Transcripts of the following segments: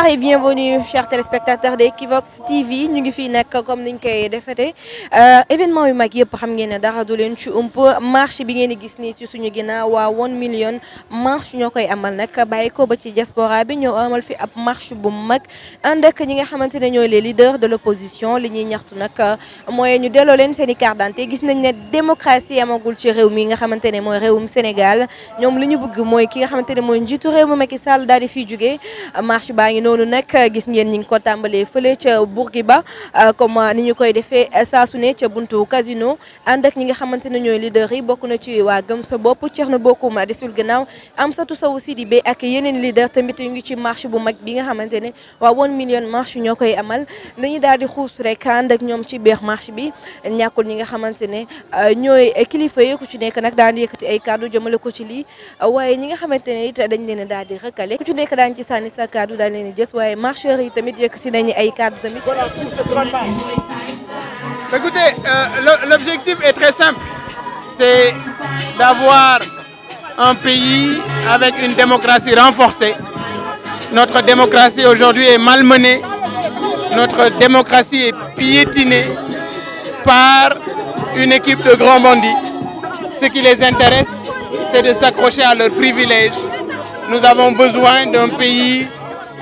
Bonsoir et bienvenue chers téléspectateurs de Equivox TV ñu ngi fii nekk comme niñ koy defete euh, événement yu mag yëpp xam ngeen ne dara du leen ci ump marche bi ngeen di gis nii ci suñu ginnaaw waa one million marche ñoo koy amal nag bàyyi ko ba ci diaspora bi ñoo amal fi ab marche bu mag ànd ak ñi nga xamante ne ñooy le leaders de l'opposition li ñuy ñaxtu nag mooy ñu delloo leen seen i carte gis nañ ne démocratie amagul ci réew mi nga xamante ne mooy réewum Sénégal ñoom li ñu mooy ki nga xamante ne mooy njiitu réew mi Macky Sall daal noonu nag euh, gis ngeen ñi ngi ko tàmbalee fële ca Bourguiba euh, comme euh, ni ñu koy defee saa su ne ca buntu casino ànd ak ñi nga xamante ne ñooy leaders yi bokk na ci waa Gëm sa bopp Thierno Bocoum desul gannaaw Amsatou Sow Sidibé ak yeneen leaders tamit ñu ngi ci marche bu mag bi nga xamante ne waa one million marche ñoo koy amal dañuy daal di xuus rek ànd ak ñoom ci biir marche bi ñàkkul ñi nga xamante ne ñooy kilifa yi ku ci nekk nag daan yëkkati ay kàddu jëmale ko ci lii waaye ñi nga xamante ne it dañ leen daal di rëkkale ku ci nekk daan ci sànni sa kàddu nañu jës waaye marcheurs yi tamit yëkkati nañu ay cadres tamit. voilà pour ce grand marche. écoutez euh, l'objectif est très simple. c'est d'avoir un pays avec une démocratie renforcée. Notre démocratie aujourd'hui est malmenée. Notre démocratie est piétinée par une équipe de grands bandits. Ce qui les intéresse, c'est de s'accrocher à leurs privilèges. Nous avons besoin d'un pays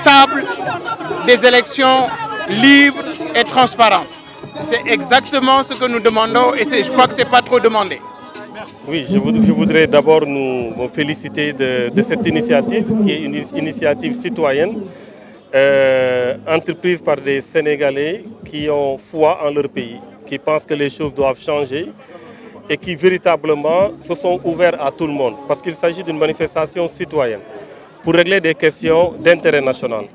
stable, des élections libres et transparentes. C'est exactement ce que nous demandons et je crois que ce n'est pas trop demandé. Oui, je, voudrais d'abord nous féliciter de, de, cette initiative, qui est une initiative citoyenne, euh, entreprise par des Sénégalais qui ont foi en leur pays, qui pensent que les choses doivent changer et qui véritablement se sont ouverts à tout le monde, parce qu'il s'agit d'une manifestation citoyenne. pour régler des questions d'intérêt national.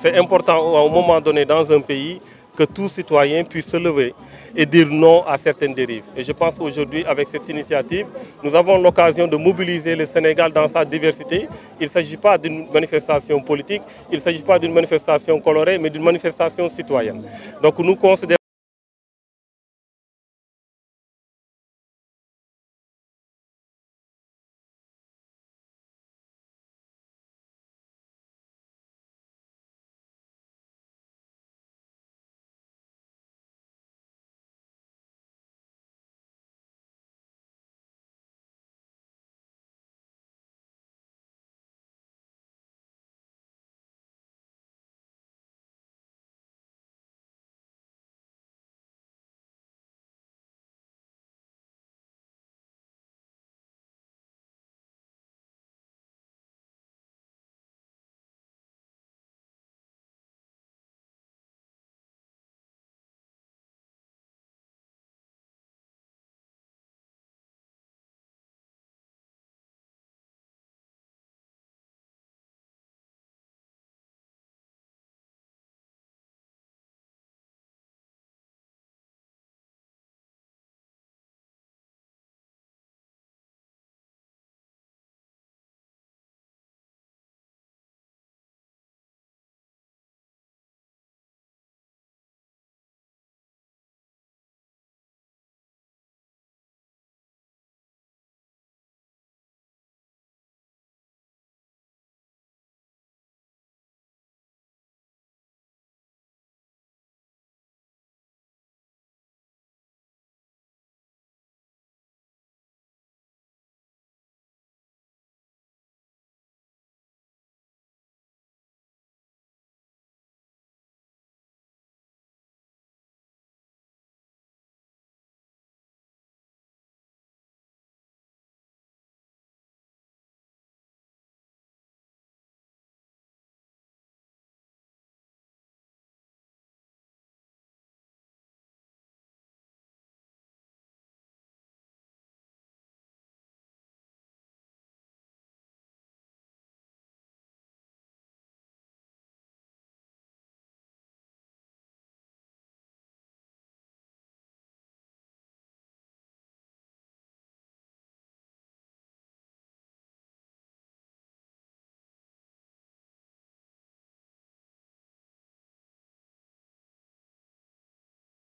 C'est important à un moment donné dans un pays que tout citoyen puisse se lever et dire non à certaines dérives. Et je pense aujourd'hui, avec cette initiative, nous avons l'occasion de mobiliser le Sénégal dans sa diversité. Il ne s'agit pas d'une manifestation politique, il ne s'agit pas d'une manifestation colorée, mais d'une manifestation citoyenne. Donc nous considérons